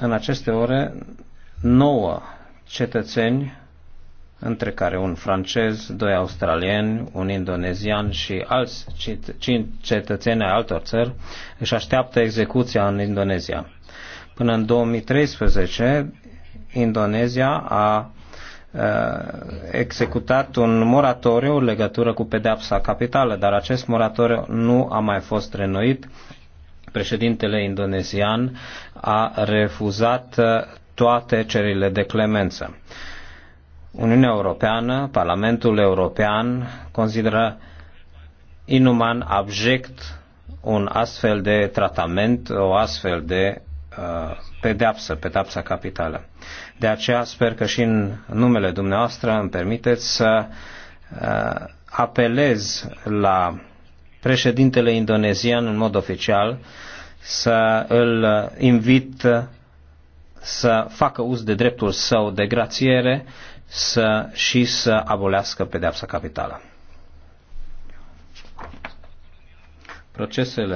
în aceste ore nouă cetățeni, între care un francez, doi australieni, un indonezian și alți cetățeni ai altor țări, își așteaptă execuția în Indonezia. Până în 2013, Indonezia a uh, executat un moratoriu în legătură cu pedeapsa capitală, dar acest moratoriu nu a mai fost renoit președintele indonezian a refuzat uh, toate cererile de clemență. Uniunea Europeană, Parlamentul European consideră inuman, abject un astfel de tratament, o astfel de uh, pedeapsă, pedeapsa capitală. De aceea sper că și în numele dumneavoastră îmi permiteți să uh, apelez la președintele indonezian în mod oficial să îl invit să facă uz de dreptul său de grațiere să, și să abolească pedeapsa capitală. Procesele